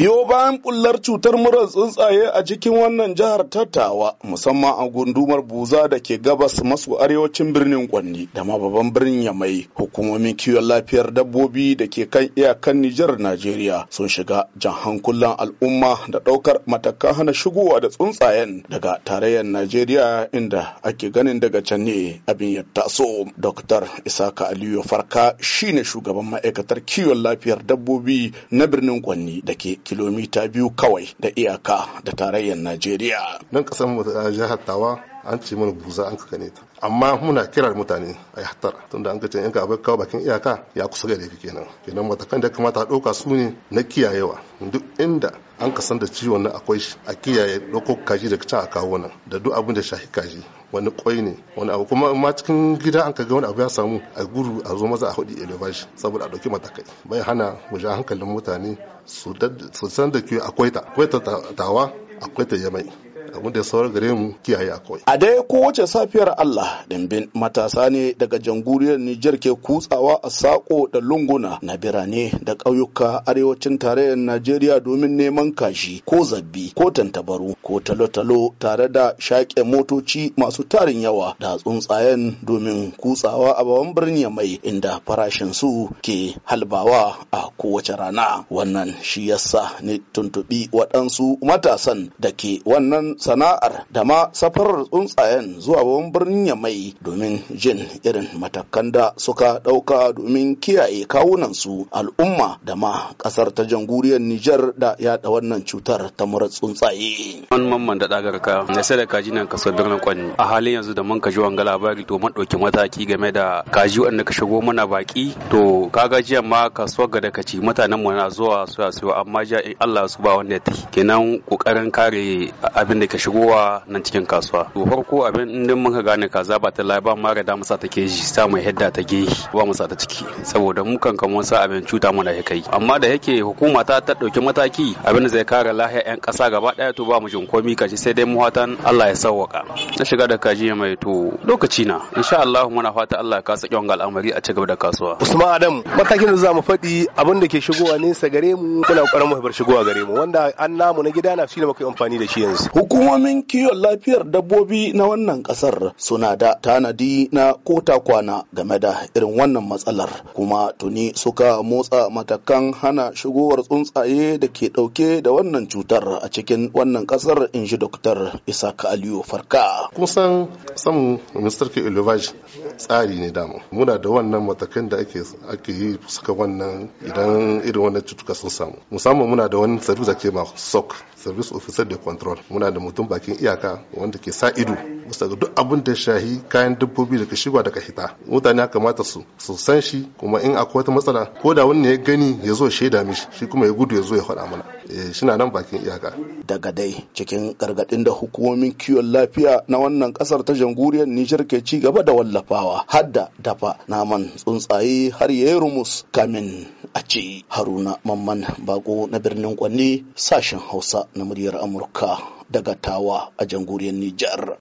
biyo bayan bullar cutar murar tsuntsaye a cikin wannan jihar tattawa musamman a gundumar buza da ke gabas maso arewacin birnin kwanni da ma babban birnin yamai hukumomin kiwon lafiyar dabbobi da ke kan iyakan nijar najeriya sun shiga jan hankulan al'umma da daukar matakan hana shigowa da tsuntsayen daga tarayyar najeriya inda ake ganin daga can ne abin ya taso dr isaka aliyu farka shine shugaban ma'aikatar kiwon lafiyar dabbobi na birnin kwanni da ke kilomita biyu kawai da iyaka da tarayyar Najeriya. Nan kasan mu jihar Tawa an ce mana buza an kakane ta amma muna kirar mutane a hattara tunda an ka ce in ka kawo bakin iyaka ya kusa ga laifi kenan kenan matakan da kamata a ɗauka su ne na kiyayewa duk inda an kasan da ciwon na akwai shi a kiyaye ɗauko kaji da can a kawo nan da duk abin da shahi kaji wani kwai ne wani abu kuma ma cikin gida an ka ga wani abu ya samu a guru a zo maza a hudu elevashi saboda a ɗauki matakai bai hana mu ja hankalin mutane su san da ke akwai ta akwai ta tawa akwai ta yamai abin da saurin gare mu kiyaye akwai a dai kowace safiyar Allah dimbin matasa ne daga jamhuriyar Nijar ke kutsawa a sako da lunguna na birane da ƙauyuka arewacin tarayyar Najeriya domin neman kashi ko zabbi ko tantabaru ko talo-talo tare da shaƙe motoci masu tarin yawa da tsuntsayen domin kutsawa a babban birni mai inda farashin su ke halbawa a kowace rana wannan shi yasa ne tuntuɓi waɗansu matasan da ke wannan sana'ar da ma safarar tsuntsayen zuwa babban birnin ya mai, domin jin irin matakan da suka ɗauka domin kiyaye kawunansu al'umma da ma ƙasar ta janguriyar Nijar da yaɗa wannan cutar ta mura tsuntsaye. An mamman da ɗagar ka na sai da kaji nan kasar birnin kwanni. A halin yanzu da mun ji wanga labari to mun ɗauki mataki game da kaji wanda ka shigo mana baki to kaga jiya ma kasuwar gada ka ci mutanen mu na zuwa su siyo amma ja in Allah su ba wanda ya tafi kenan kokarin kare abin da ka shigowa nan cikin kasuwa to farko abin indin muka gane kaza ba ta lai ba mu ga mu sa ta ji ta mai hidda ta gehi ba mu sa ta ciki saboda mu kan kamar sa abin cuta mu da kai amma da yake hukuma ta ta dauki mataki abin zai kare lahiyar yan kasa gaba daya to ba mu jin komi kaji sai dai mu fatan Allah ya sauwaka na shiga da kaji mai to lokaci na insha Allah muna fata Allah ya kasa kyon al'amari a cigaba da kasuwa Usman Adam matakin da za mu faɗi abin da ke shigowa sa gare mu muna ƙoƙarin mu shigowa gare mu wanda an namu na gida na shi da muka yi amfani da shi yanzu hukumomin kiwon lafiyar dabbobi na wannan kasar suna da tanadi na kota kwana game da irin wannan matsalar kuma tuni suka motsa matakan hana shigowar tsuntsaye da ke dauke da wannan cutar a cikin wannan kasar in ji doktor isaka aliyu farka kusan samun mr k tsari ne damu muna da wannan matakan da ake yi suka wannan idan irin wannan cutuka sun samu musamman muna da wani service ke ma soc service officer de control muna da mutum bakin iyaka wanda ke sa ido bisa ga duk abin da shahi kayan dabbobi daga shiga daga hita mutane kamata su su san shi kuma in akwai wata matsala ko da wani ya gani ya zo shaida mishi shi kuma ya gudu ya zo ya faɗa mana eh, shina nan bakin iyaka daga dai cikin gargadin da hukumomin kiwon lafiya na wannan kasar ta janguriyar Nijar ke ci gaba da wallafawa hadda dafa naman tsuntsaye har yayi rumus kamin a ce Haruna Mamman Bako na birnin Kwanne sashen Hausa na muryar Amurka daga Tawa a jamhuriyar Nijar.